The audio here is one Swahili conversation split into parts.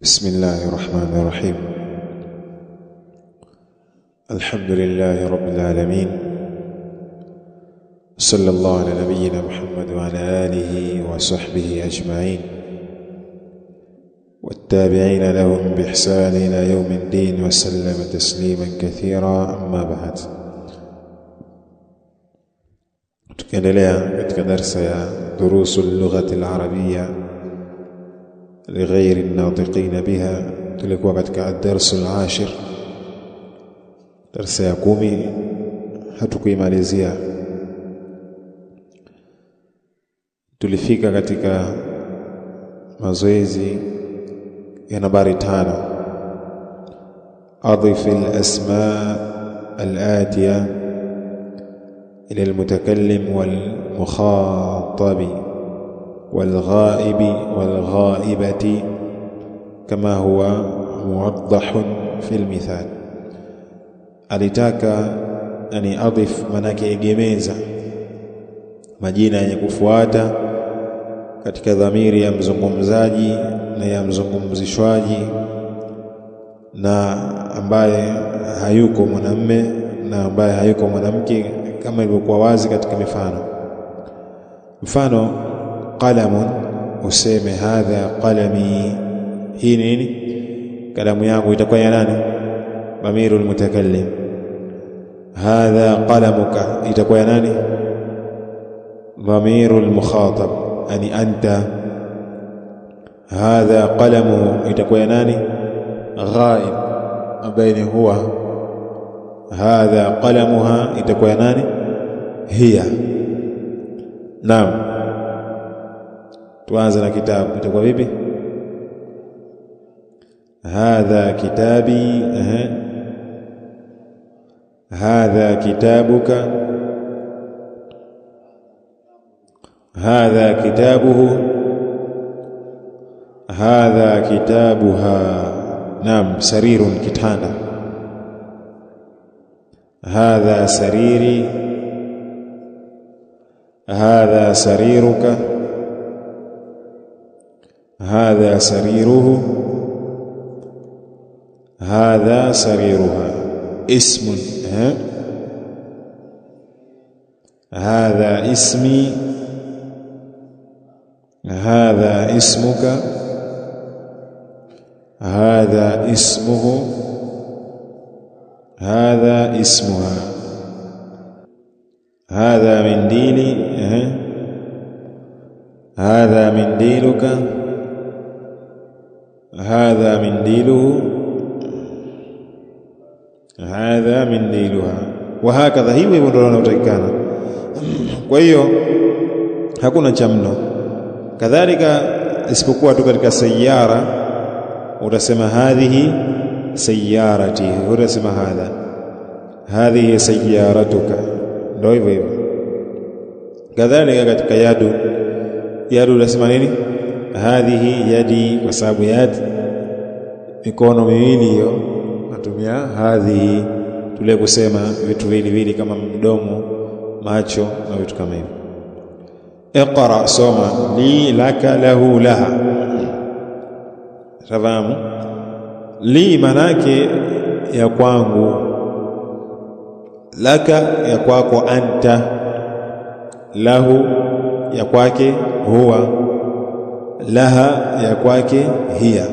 بسم الله الرحمن الرحيم الحمد لله رب العالمين صلى الله على نبينا محمد وعلى آله وصحبه أجمعين والتابعين لهم بإحسان إلى يوم الدين وسلم تسليما كثيرا أما بعد تكلم لها darsa دروس اللغة العربية لغير الناطقين بها تلك قد الدرس العاشر درس يقومي هتكوي ماليزيا تلفيك قدك مزيزي ينباري تانا أضف الأسماء الآتية إلى المتكلم والمخاطب walghaibi walghaibati kama huwa muwaddahun fil mithal. Alitaka ani adhif, manake egemeza majina yenye kufuata katika dhamiri ya mzungumzaji na ya mzungumzishwaji na ambaye hayuko mwanamme na ambaye hayuko mwanamke, kama ilivyokuwa wazi katika mifano mfano qalamun, useme hadha qalami, hii ni nini? Kalamu yangu itakuwa ya nani? Dhamirul mutakallim. Hadha qalamuka itakuwa ya nani? Dhamirul mukhatab, ani anta. Hadha qalamuhu itakuwa ya nani? Ghaib, ambaye ni huwa. Hadha qalamuha itakuwa ya nani? Hiya. Naam. tuanze na kitabu, itakuwa vipi? Hadha kitabi. eh, Hadha kitabuka, hadha kitabuhu, hadha kitabuha. Naam, sarirun, kitanda. Hadha sariri, hadha sariruka هذا سريره هذا سريرها اسم ها هذا اسمي هذا اسمك هذا اسمه هذا اسمها هذا منديلي هذا منديلك hadha mindiluhu hadha mindiluha, wa hakadha, hivyo hivyo ndio linalotakikana. Kwa hiyo hakuna cha mno. Kadhalika isipokuwa tu katika sayara utasema hadhihi sayarati, utasema hadha hadhihi sayaratuka, ndio hivyo hivyo. Kadhalika katika yadu yadu utasema nini? hadhihi yadi, kwa sababu yadi mikono miwili hiyo natumia hadhihi. Tule kusema vitu viwili vili kama mdomo, macho na vitu kama hivyo. Iqra, soma. Li, laka, lahu, laha. Tafahamu li manake ya kwangu, laka ya kwako, anta lahu ya kwake, huwa laha ya kwake hiya.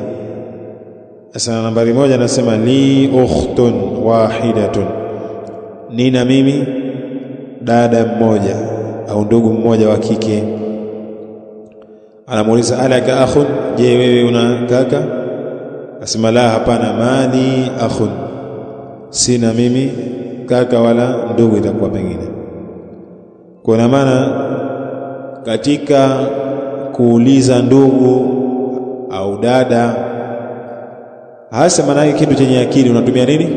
Sasa nambari moja anasema li ukhtun wahidatun, nina mimi dada mmoja au ndugu mmoja wa kike. Anamuuliza alaka akhun, je, wewe una kaka? Asema la, hapana, mali akhun, sina mimi kaka wala ndugu. Itakuwa pengine kuna maana katika kuuliza ndugu au dada, hasa maana yake kitu chenye akili unatumia nini?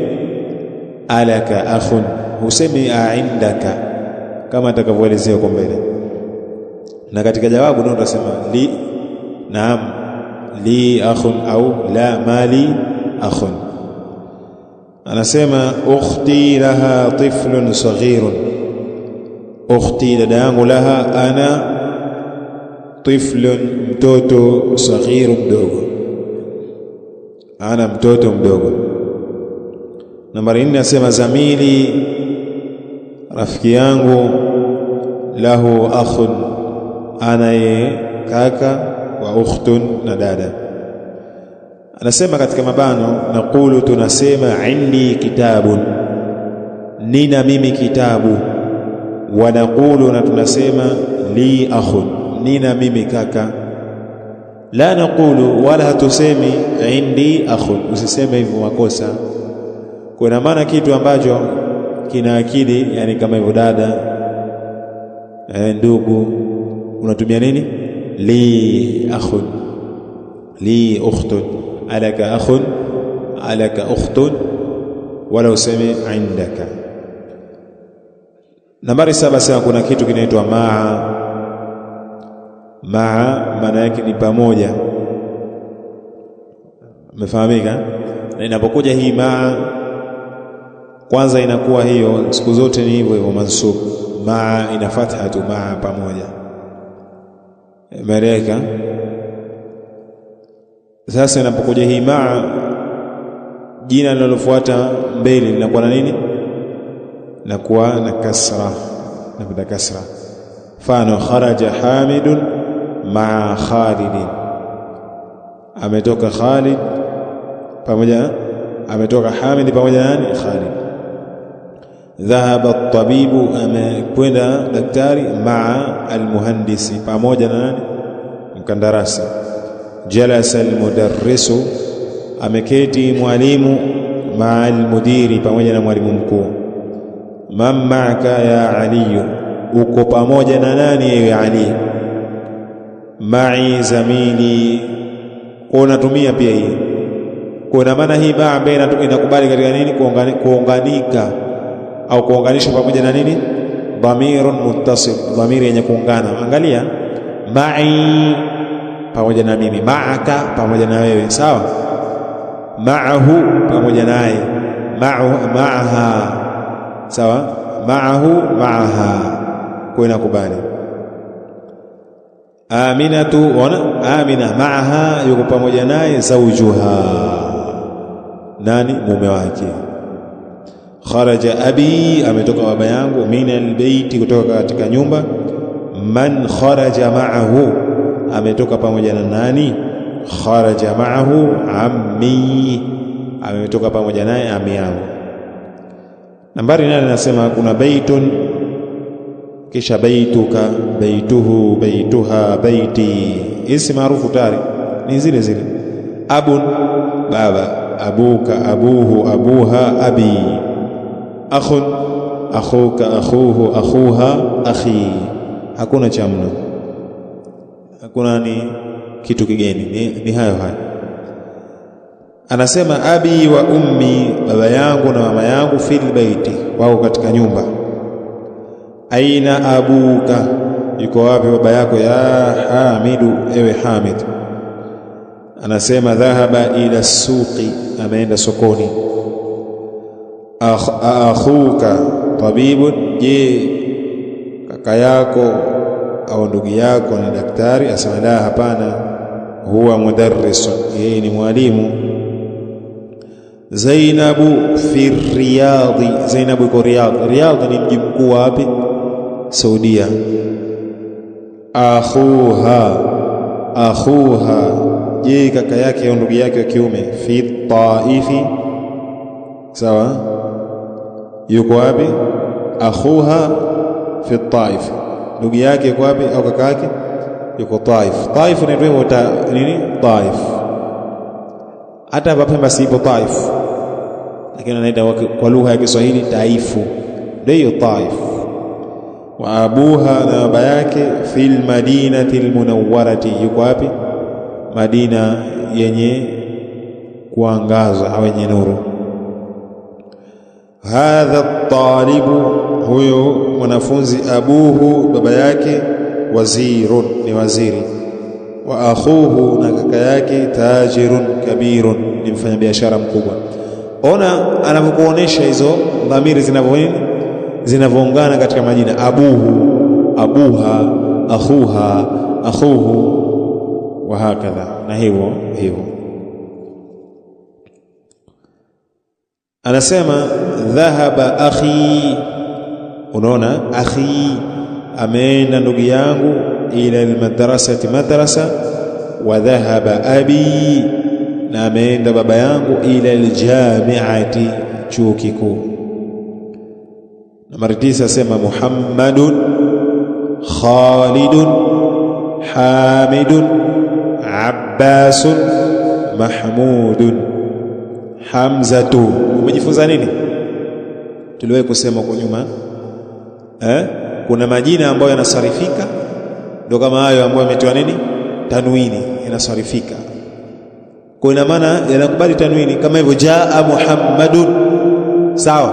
Alaka akhun, husemi aindaka, kama atakavyoelezea kwa mbele. Na katika jawabu ndio utasema li, naam li akhun au la mali akhun. Anasema ukhti laha tiflun saghirun, ukhti dada yangu, laha ana tiflun, mtoto saghiru, mdogo. Ana mtoto mdogo. Nambari nne asema zamili, rafiki yangu, lahu akhun, anaye kaka, wa ukhtun, na dada. Anasema katika mabano, naqulu, tunasema indi kitabun, nina mimi kitabu, wa naqulu, na tunasema li akhun nina mimi kaka. La naqulu, wala hatusemi indi akhun, usiseme hivyo makosa. Kuna maana kitu ambacho kina akili, yani kama hivyo dada, eh, ndugu, unatumia nini? Li akhun, li ukhtun, alaka akhun, alaka ukhtun, wala useme indaka. Nambari saba, sema kuna kitu kinaitwa maa maa maana yake ni pamoja, umefahamika. Na inapokuja hii maa kwanza inakuwa hiyo, siku zote ni hivyo hivyo, mansub maa ina fatha tu, maa pamoja, mereka Sasa inapokuja hii maa, jina linalofuata mbele linakuwa na nini? Linakuwa na kasra, napenda kasra. Mfano kharaja hamidun maa Khalidin, ametoka Khalid pamoja, ametoka Hamid pamoja nani? Khalid. Dhahaba ltabibu amekwenda daktari, maa almuhandisi, pamoja na nani? Mkandarasi. Jalasa almudarrisu, ameketi mwalimu, maa almudiri, pamoja na mwalimu mkuu. Man maaka ya aliyu, uko pamoja na nani? Ewe Ali mai zamili, kwa unatumia pia hii kwa, ina maana hii baa baina inakubali katika nini, kuunganika au kuunganisha pamoja na nini, dhamirun muttasil, dhamiri yenye kuungana. Angalia mai pamoja na mimi, maaka pamoja na wewe, sawa, maahu pamoja naye, maaha sawa, maahu maaha, kwa inakubali Aminatu ona Amina maaha, yuko pamoja naye zaujuha nani mume wake. Kharaja abi, ametoka baba yangu. Min albeiti kutoka katika nyumba. Man kharaja maahu, ametoka pamoja na nani? Kharaja maahu ammi, ametoka pamoja naye ami yangu. Nambari nane nasema kuna baitun kisha baituka, baituhu, baituha, baiti. isi maarufu tari ni zile zile. Abun, baba, abuka, abuhu, abuha, abi. Akhun, akhuka, akhuhu, akhuha, akhi. Hakuna cha mno, hakuna ni kitu kigeni, ni, ni hayo hayo. Anasema abi wa ummi, baba yangu na mama yangu, fil baiti, wao katika nyumba aina abuka, yuko wapi baba yako? Ya Hamidu, ewe Hamid. Anasema dhahaba ila suqi, ameenda sokoni. Akhuka tabibun, je kaka yako au ndugu yako ni daktari? Asema la, hapana, huwa mudarrisun, yeye ni mwalimu. Zainabu fi riyadi, Zainabu iko Riyadh. Riyadh ni mji mkuu wapi? Saudia. Akhuha, akhuha, je, kaka yake au ndugu yake wa kiume? Fi taifi, sawa, yuko wapi? Akhuha fi taif, ndugu yake yuko wapi au kaka yake yuko Taif. Taif ta nini? Taif. Hata hapa Pemba siipo Taif, lakini anaita kwa lugha ya Kiswahili taifu, ndio taifu wa abuha na baba yake fil lmadinati lmunawarati yuko wapi? Madina yenye kuangaza au yenye nuru. Hadha talibu, huyo mwanafunzi. Abuhu, baba yake. Wazirun, ni waziri. Wa akhuhu, na kaka yake. Tajirun kabirun, ni mfanyabiashara mkubwa. Ona anavyokuonesha hizo dhamiri zinavyo zinavyoungana katika majina abuhu, abuha, akhuha, akhuhu wa hakadha, na hivyo hivyo. Anasema dhahaba akhi, unaona akhi, ameenda ndugu yangu, ila almadrasati, madrasa. Wa dhahaba abi, na ameenda baba yangu, ila aljamiati, chuo kikuu na mara tisa asema Muhammadun Khalidun Hamidun Abbasun Mahmudun Hamzatu. Umejifunza nini? Tuliwahi kusema kwa nyuma eh? Kuna majina ambayo yanasarifika, ndio kama hayo ambayo yametiwa nini, tanwini, yanasarifika kwa, ina maana yanakubali tanwini, kama hivyo jaa Muhammadun, sawa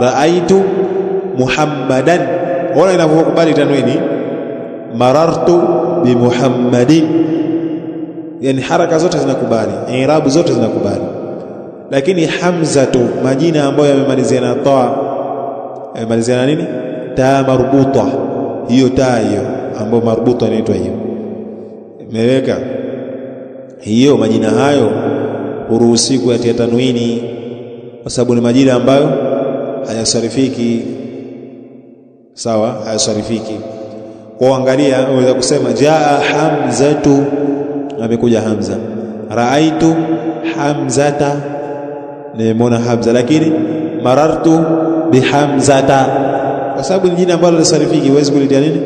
raaitu Muhammadan, ona inavyokubali tanwini, marartu bi Muhammadin, yani haraka zote zinakubali, irabu zote zinakubali. Lakini hamza tu, majina ambayo yamemaliziana ta, na nini, taa marbuta, hiyo taa hiyo ambayo marbuta inaitwa hiyo, imeweka hiyo, majina hayo huruhusi kuyatia tanwini, kwa sababu ni majina ambayo hayasarifiki sawa, hayasarifiki kwa angalia, unaweza kusema jaa hamzatu, amekuja Hamza. Raaitu hamzata, nimeona Hamza, lakini marartu bihamzata, kwa sababu ni jina ambalo lisarifiki, huwezi kulitia nini,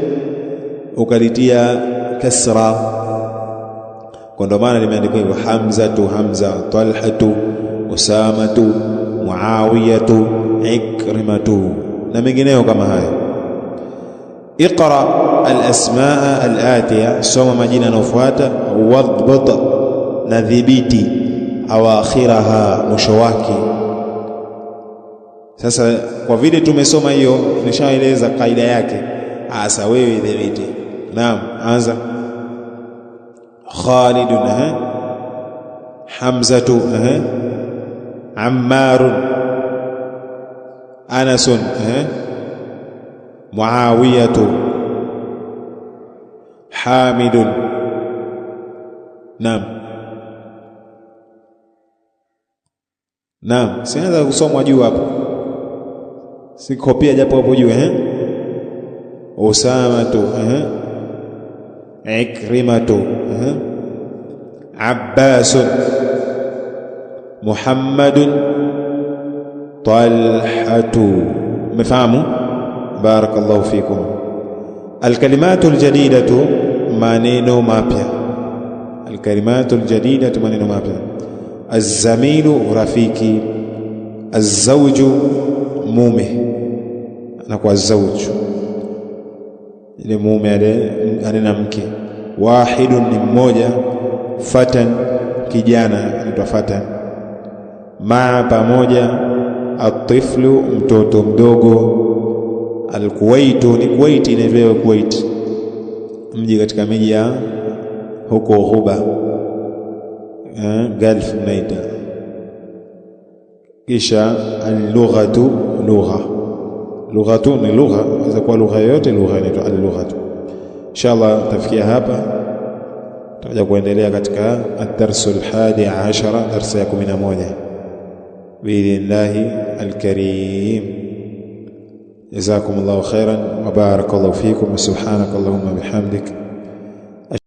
ukalitia kasra. Kwa ndo maana limeandikwa hivyo, hamzatu, hamza, talhatu, usamatu, muawiyatu, ikrimatu na mengineo kama hayo. اقرا alasmaa alatiya, soma majina yanayofuata. Wadhbut, na dhibiti awakhiraha, mwisho wake. Sasa kwa vile tumesoma hiyo, nimeshaeleza kaida yake. Asa wewe dhibiti. Naam, anza. Khalidun, eh Hamzatu, eh Ammarun, Anasun, eh Muawiyatu Hamidun. Naam, naam, sinaweza kusomwa juu hapo, sikopia japo hapo juu eh? Usamatu eh? Ikrimatu eh? Abbasun Muhammadun Talhatu. Umefahamu? barakallahu fikum. Alkalimatu aljadidatu, maneno mapya. Alkalimatu aljadidatu, maneno mapya. Azzaminu, rafiki. Azzauju, mume. Anakuwa zauju ile mume anena mke. Wahidun ni mmoja. Fatan kijana anaitwa fatan. Maa pamoja. Atiflu mtoto mdogo Al-Kuwait ni Kuwait, inaitwa Kuwait, mji katika miji ya huko Ghuba eh, Gulf naita. Kisha al-lughatu lugha lughatu ni lugha, inaweza kuwa lugha yoyote, lugha inaitwa al-lughatu. Inshallah tafikia hapa, tutaja kuendelea katika ad-darsul hadi ashara, darsa ya 11 biidhnillahi alkarim. جزاكم الله خيرا وبارك الله فيكم وسبحانك اللهم وبحمدك